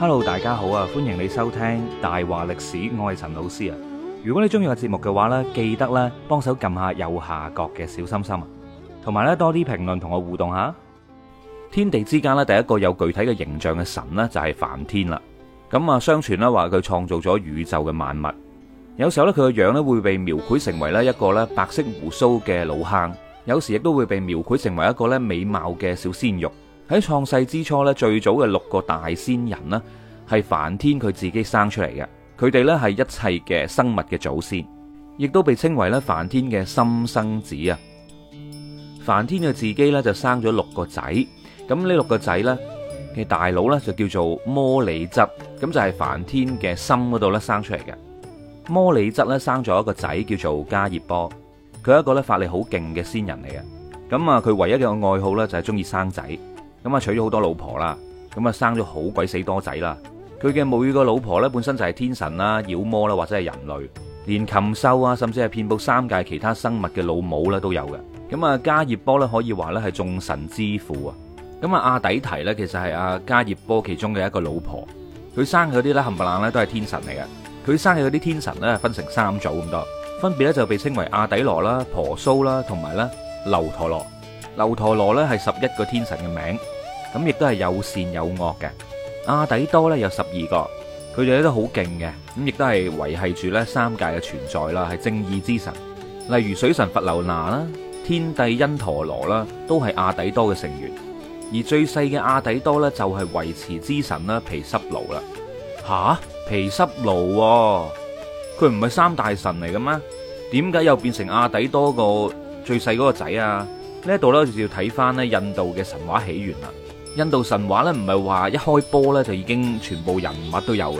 Hello，大家好啊！歡迎你收聽大話歷史，我係陳老師啊！如果你中意個節目嘅話呢，記得咧幫手撳下右下角嘅小心心啊，同埋呢多啲評論同我互動下。天地之間呢，第一個有具體嘅形象嘅神呢，就係梵天啦。咁啊，相傳咧話佢創造咗宇宙嘅萬物。有時候咧，佢嘅樣咧會被描繪成為咧一個咧白色胡鬚嘅老坑，有時亦都會被描繪成為一個咧美貌嘅小鮮肉。喺創世之初咧，最早嘅六個大仙人呢，係梵天佢自己生出嚟嘅。佢哋咧係一切嘅生物嘅祖先，亦都被稱為咧梵天嘅心生子啊。梵天佢自己咧就生咗六個仔，咁呢六個仔咧嘅大佬咧就叫做摩里質，咁就係、是、梵天嘅心嗰度咧生出嚟嘅。摩里質咧生咗一個仔叫做加葉波，佢係一個咧法力好勁嘅仙人嚟嘅。咁啊，佢唯一嘅愛好咧就係中意生仔。咁啊，娶咗好多老婆啦，咁啊，生咗好鬼死多仔啦。佢嘅每個老婆呢，本身就係天神啦、妖魔啦，或者係人類，連禽獸啊，甚至係遍布三界其他生物嘅老母啦都有嘅。咁啊，加葉波呢，可以話呢係眾神之父啊。咁啊，阿底提呢，其實係阿加葉波其中嘅一個老婆，佢生嗰啲呢，冚唪唥呢都係天神嚟嘅。佢生嘅嗰啲天神呢，分成三組咁多，分別呢就被稱為阿底羅啦、婆蘇啦，同埋咧劉陀羅。劉陀羅咧係十一個天神嘅名，咁亦都係有善有惡嘅。阿底多咧有十二個，佢哋都好勁嘅，咁亦都係維繫住咧三界嘅存在啦，係正義之神。例如水神佛留娜啦，天帝恩陀羅啦，都係阿底多嘅成員。而最細嘅阿底多咧就係維持之神啦，皮濕奴啦吓，皮濕奴佢唔係三大神嚟嘅咩？點解又變成阿底多個最細嗰個仔啊？呢度呢，就要睇翻呢印度嘅神話起源啦。印度神話呢，唔係話一開波呢就已經全部人物都有嘅，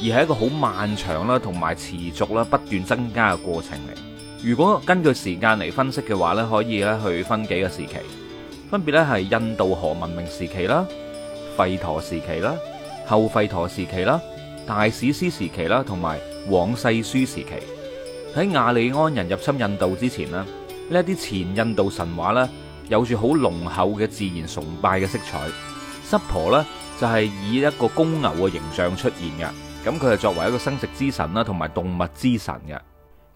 而係一個好漫長啦同埋持續啦不斷增加嘅過程嚟。如果根據時間嚟分析嘅話呢，可以呢去分幾個時期，分別呢係印度河文明時期啦、吠陀時期啦、後吠陀時期啦、大史詩時期啦同埋往世書時期。喺亞利安人入侵印度之前呢。呢啲前印度神話呢，有住好濃厚嘅自然崇拜嘅色彩。濕婆呢，就係以一個公牛嘅形象出現嘅，咁佢係作為一個生殖之神啦，同埋動物之神嘅。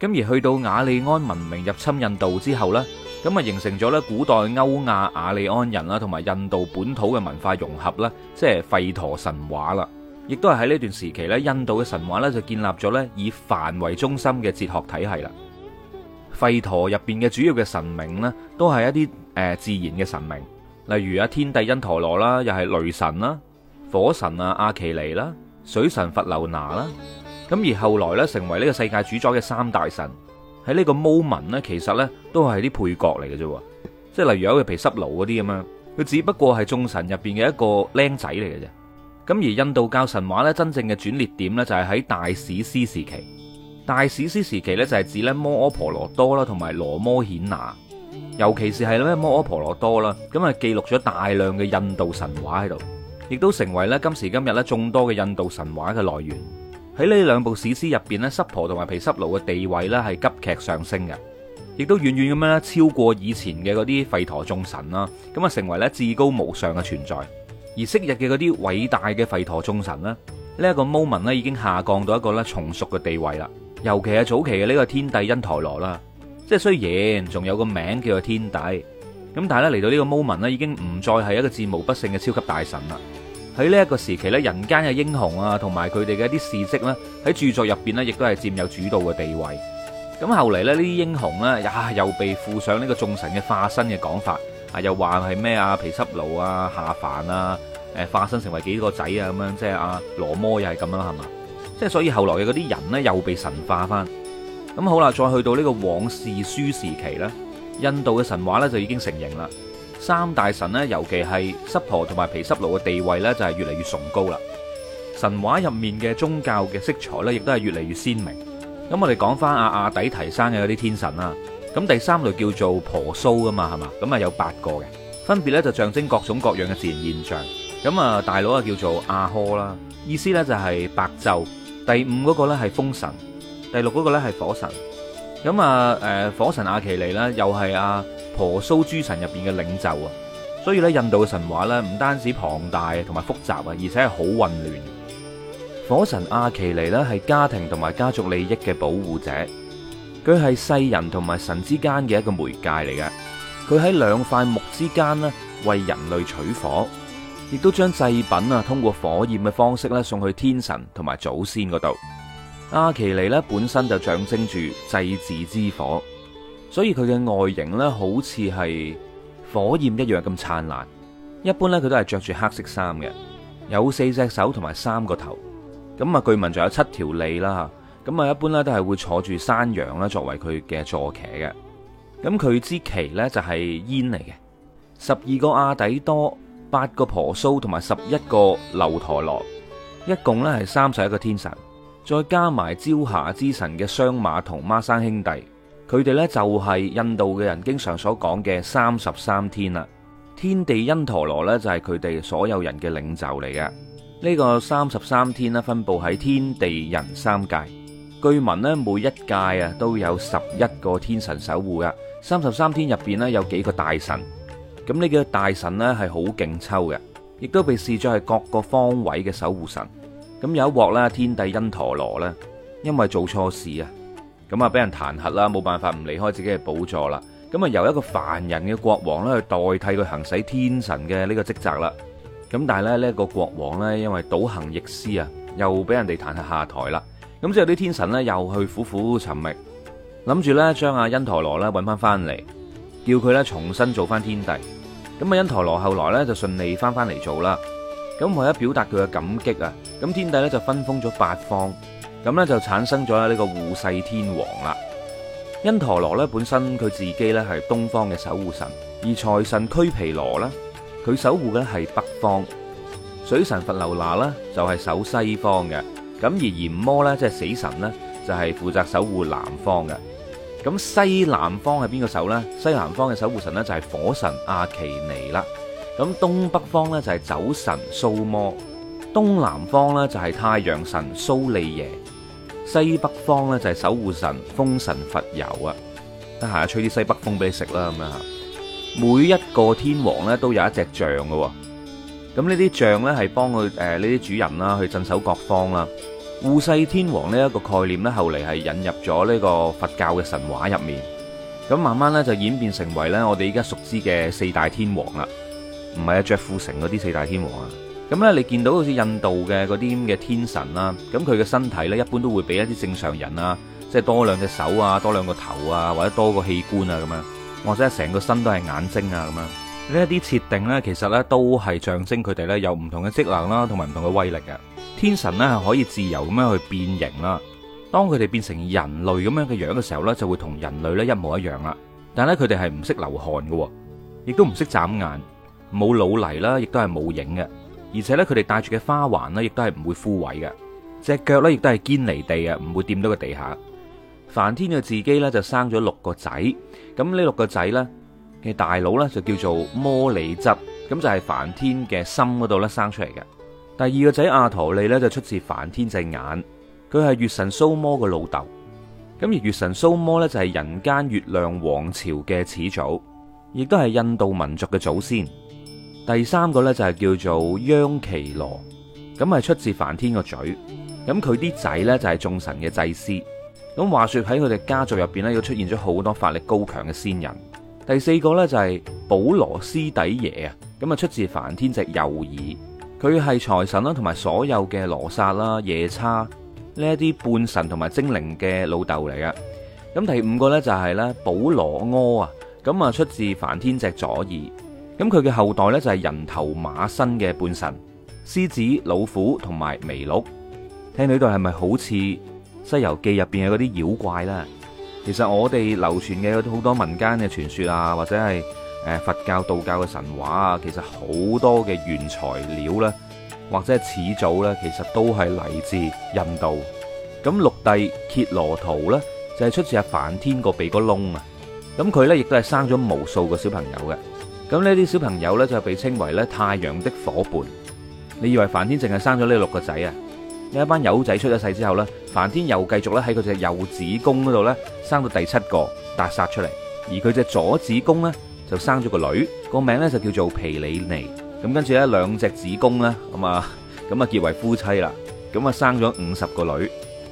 咁而去到雅利安文明入侵印度之後呢，咁啊形成咗呢古代歐亞雅利安人啦，同埋印度本土嘅文化融合啦，即係吠陀神話啦，亦都係喺呢段時期呢，印度嘅神話呢，就建立咗呢以梵為中心嘅哲學體系啦。吠陀入邊嘅主要嘅神明呢，都係一啲誒自然嘅神明，例如啊天帝因陀羅啦，又係雷神啦、火神啊、阿耆尼啦、水神伐留拿啦，咁而後來呢，成為呢個世界主宰嘅三大神喺呢個 moment 呢，其實呢，都係啲配角嚟嘅啫，即係例如有個毗濕奴嗰啲咁樣，佢只不過係眾神入邊嘅一個僆仔嚟嘅啫，咁而印度教神話呢，真正嘅轉捩點呢，就係喺大史詩時期。大史詩時期咧就係指咧摩訶婆羅多啦同埋羅摩衍那，尤其是係咧摩訶婆羅多啦，咁啊記錄咗大量嘅印度神話喺度，亦都成為咧今時今日咧眾多嘅印度神話嘅來源。喺呢兩部史詩入邊咧，濕婆同埋毗濕奴嘅地位咧係急劇上升嘅，亦都遠遠咁樣咧超過以前嘅嗰啲吠陀眾神啦，咁啊成為咧至高無上嘅存在。而昔日嘅嗰啲偉大嘅吠陀眾神咧，呢、這、一個 moment 咧已經下降到一個咧從屬嘅地位啦。尤其係早期嘅呢個天帝因陀羅啦，即係雖然仲有個名叫做天帝，咁但係咧嚟到呢個 moment 咧，已經唔再係一個戰無不勝嘅超級大神啦。喺呢一個時期呢，人間嘅英雄啊，同埋佢哋嘅一啲事跡呢，喺著作入邊呢亦都係佔有主導嘅地位。咁後嚟呢啲英雄咧，又被附上呢個眾神嘅化身嘅講法啊，又話係咩啊皮濕奴啊下凡啊，誒化身成為幾個仔啊咁樣，即係阿羅摩又係咁樣係嘛？即係所以後來嘅嗰啲人呢，又被神化翻。咁好啦，再去到呢個往世書時期呢，印度嘅神話呢，就已經成型啦。三大神呢，尤其係濕婆同埋毗濕奴嘅地位呢，就係、是、越嚟越崇高啦。神話入面嘅宗教嘅色彩呢，亦都係越嚟越鮮明。咁我哋講翻阿阿底提山嘅嗰啲天神啦。咁第三類叫做婆蘇吖嘛，係嘛？咁啊有八個嘅，分別呢就象徵各種各樣嘅自然現象。咁啊大佬啊叫做阿珂啦，意思呢就係白晝。第五嗰個咧，係風神，第六嗰個咧，係火神。咁啊，誒，火神阿奇尼呢又係阿婆蘇諸神入邊嘅領袖啊。所以咧，印度嘅神話咧，唔單止龐大同埋複雜啊，而且係好混亂。火神阿奇尼呢係家庭同埋家族利益嘅保護者，佢係世人同埋神之間嘅一個媒介嚟嘅。佢喺兩塊木之間呢，為人類取火。亦都將祭品啊，通過火焰嘅方式咧送去天神同埋祖先嗰度。阿奇尼咧本身就象徵住祭祀之火，所以佢嘅外形咧好似係火焰一樣咁燦爛。一般咧佢都係着住黑色衫嘅，有四隻手同埋三個頭，咁啊據聞仲有七條脷啦。咁啊一般咧都係會坐住山羊啦作為佢嘅坐騎嘅。咁佢之奇咧就係煙嚟嘅，十二個阿底多。八個婆蘇同埋十一個樓陀羅，一共咧係三十一個天神，再加埋朝霞之神嘅雙馬同孖生兄弟，佢哋呢就係印度嘅人經常所講嘅三十三天啦。天地因陀羅呢就係佢哋所有人嘅領袖嚟嘅。呢個三十三天呢分布喺天地人三界，據聞呢，每一界啊都有十一個天神守護啊。三十三天入邊呢，有幾個大神。咁呢個大神呢係好勁抽嘅，亦都被視作係各個方位嘅守護神。咁有一鑊啦，天帝因陀羅呢，因為做錯事啊，咁啊俾人彈劾啦，冇辦法唔離開自己嘅寶座啦。咁啊由一個凡人嘅國王咧去代替佢行使天神嘅呢個職責啦。咁但係咧呢個國王呢，因為倒行逆施啊，又俾人哋彈劾下台啦。咁之後啲天神呢又去苦苦尋覓，諗住呢將阿因陀羅呢搵翻翻嚟，叫佢呢重新做翻天帝。咁啊，因陀羅後來咧就順利翻返嚟做啦。咁為咗表達佢嘅感激啊，咁天帝咧就分封咗八方，咁咧就產生咗呢個護世天王啦。因陀羅咧本身佢自己咧係東方嘅守護神，而財神俱毗羅咧，佢守護嘅係北方。水神佛流拿咧就係守西方嘅，咁而閻魔咧即係死神咧就係、是、負責守護南方嘅。咁西南方係邊個守呢？西南方嘅守護神呢，就係火神阿奇尼啦。咁東北方呢，就係酒神蘇摩，東南方呢，就係太陽神蘇利耶，西北方呢，就係守護神風神佛尤啊！得閒吹啲西北風俾你食啦咁樣，每一個天王呢，都有一隻象㗎，咁呢啲象呢，係幫佢誒呢啲主人啦去鎮守各方啦。護世天王呢一個概念呢，後嚟係引入咗呢個佛教嘅神話入面，咁慢慢呢，就演變成為呢我哋依家熟知嘅四大天王啦。唔係啊，郭富城嗰啲四大天王啊。咁呢，你見到好似印度嘅嗰啲咁嘅天神啦，咁佢嘅身體呢，一般都會比一啲正常人啊，即係多兩隻手啊，多兩個頭啊，或者多個器官啊咁樣，或者係成個身都係眼睛啊咁樣。呢一啲設定呢，其實呢都係象徵佢哋呢有唔同嘅職能啦，同埋唔同嘅威力嘅。天神呢係可以自由咁樣去變形啦。當佢哋變成人類咁樣嘅樣嘅時候呢，就會同人類呢一模一樣啦。但係咧，佢哋係唔識流汗嘅，亦都唔識眨眼，冇老泥啦，亦都係冇影嘅。而且呢，佢哋戴住嘅花環呢，亦都係唔會枯萎嘅。隻腳呢亦都係堅離地啊，唔會掂到個地下。梵天嘅自己呢，就生咗六個仔，咁呢六個仔呢嘅大佬咧就叫做摩里執，咁就係、是、梵天嘅心嗰度咧生出嚟嘅。第二個仔阿陀利咧就出自梵天隻眼，佢係月神蘇摩嘅老豆。咁而月神蘇摩咧就係人間月亮王朝嘅始祖，亦都係印度民族嘅祖先。第三個咧就係叫做央奇羅，咁、就、係、是、出自梵天個嘴。咁佢啲仔咧就係眾神嘅祭司。咁話說喺佢哋家族入邊咧，都出現咗好多法力高強嘅仙人。第四個呢，就係保羅斯底耶啊，咁啊出自梵天隻右耳，佢係財神啦，同埋所有嘅羅刹啦、夜叉呢一啲半神同埋精靈嘅老豆嚟嘅。咁第五個呢，就係呢保羅柯啊，咁啊出自梵天隻左耳，咁佢嘅後代呢，就係人頭馬身嘅半神、獅子、老虎同埋麋鹿。聽到呢度係咪好似《西遊記》入邊嘅嗰啲妖怪呢？其實我哋流傳嘅好多民間嘅傳說啊，或者係誒佛教、道教嘅神話啊，其實好多嘅原材料咧，或者係始祖咧，其實都係嚟自印度。咁六帝揭羅圖咧，就係、是、出自阿梵天個鼻哥窿啊。咁佢咧亦都係生咗無數個小朋友嘅。咁呢啲小朋友咧就被稱為咧太陽的夥伴。你以為梵天淨係生咗呢六個仔啊？有一班友仔出咗世之後呢梵天又繼續咧喺佢隻右子宮嗰度呢生到第七個達薩出嚟，而佢隻左子宮呢，就生咗個女，個名呢就叫做皮里尼。咁跟住呢兩隻子宮呢，咁啊，咁啊結為夫妻啦，咁啊生咗五十個女，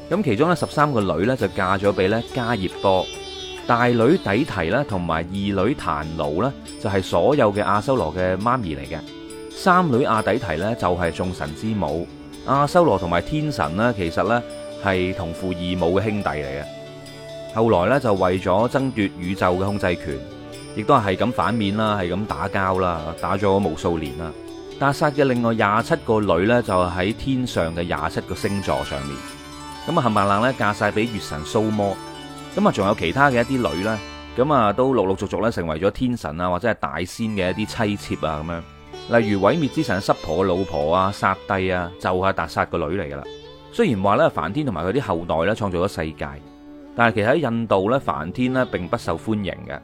咁其中呢十三個女呢，就嫁咗俾呢加葉多。大女底提呢，同埋二女彈魯呢，就係所有嘅阿修羅嘅媽咪嚟嘅，三女阿底提呢，就係眾神之母。阿修羅同埋天神咧，其實呢係同父異母嘅兄弟嚟嘅。後來呢，就為咗爭奪宇宙嘅控制權，亦都係咁反面啦，係咁打交啦，打咗無數年啦。達薩嘅另外廿七個女呢，就喺天上嘅廿七個星座上面，咁啊冚唪唥咧嫁晒俾月神蘇摩，咁啊仲有其他嘅一啲女呢，咁啊都陸陸續續咧成為咗天神啊或者係大仙嘅一啲妻妾啊咁樣。例如毀滅之神濕婆嘅老婆啊，殺帝啊，就係達殺個女嚟噶啦。雖然話呢，梵天同埋佢啲後代呢創造咗世界，但係其實喺印度呢，梵天呢並不受歡迎嘅，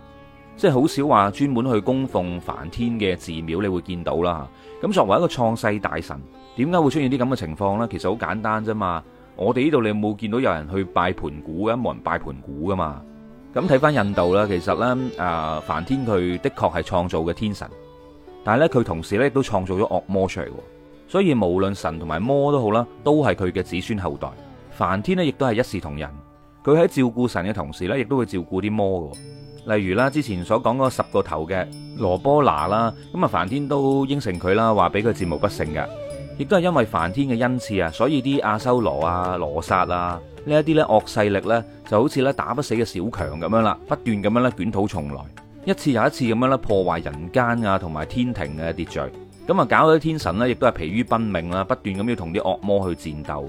即係好少話專門去供奉梵天嘅寺廟你會見到啦。咁作為一個創世大神，點解會出現啲咁嘅情況呢？其實好簡單啫嘛。我哋呢度你冇見到有人去拜盤古，啊冇人拜盤古噶嘛。咁睇翻印度啦，其實呢，啊梵天佢的確係創造嘅天神。但係咧，佢同時咧亦都創造咗惡魔出嚟，所以無論神同埋魔都好啦，都係佢嘅子孫後代。梵天咧亦都係一視同仁，佢喺照顧神嘅同時咧，亦都會照顧啲魔嘅。例如啦，之前所講嗰十個頭嘅羅波拿啦，咁啊梵天都應承佢啦，話俾佢戰無不勝嘅。亦都係因為梵天嘅恩賜啊，所以啲阿修羅啊、羅剎啊呢一啲咧惡勢力咧，就好似咧打不死嘅小強咁樣啦，不斷咁樣咧捲土重來。一次又一次咁樣咧破壞人間啊，同埋天庭嘅秩序，罪，咁啊搞到天神咧亦都係疲於奔命啦，不斷咁要同啲惡魔去戰鬥，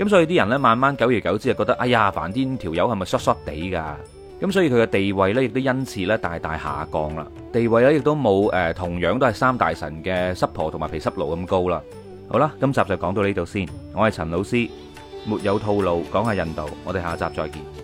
咁所以啲人呢，慢慢久而久之就覺得，哎呀，梵天條友係咪衰衰地噶？咁、這個、所以佢嘅地位呢，亦都因此咧大大下降啦，地位咧亦都冇誒同樣都係三大神嘅濕婆同埋毗濕奴咁高啦。好啦，今集就講到呢度先，我係陳老師，沒有套路講下印度，我哋下一集再見。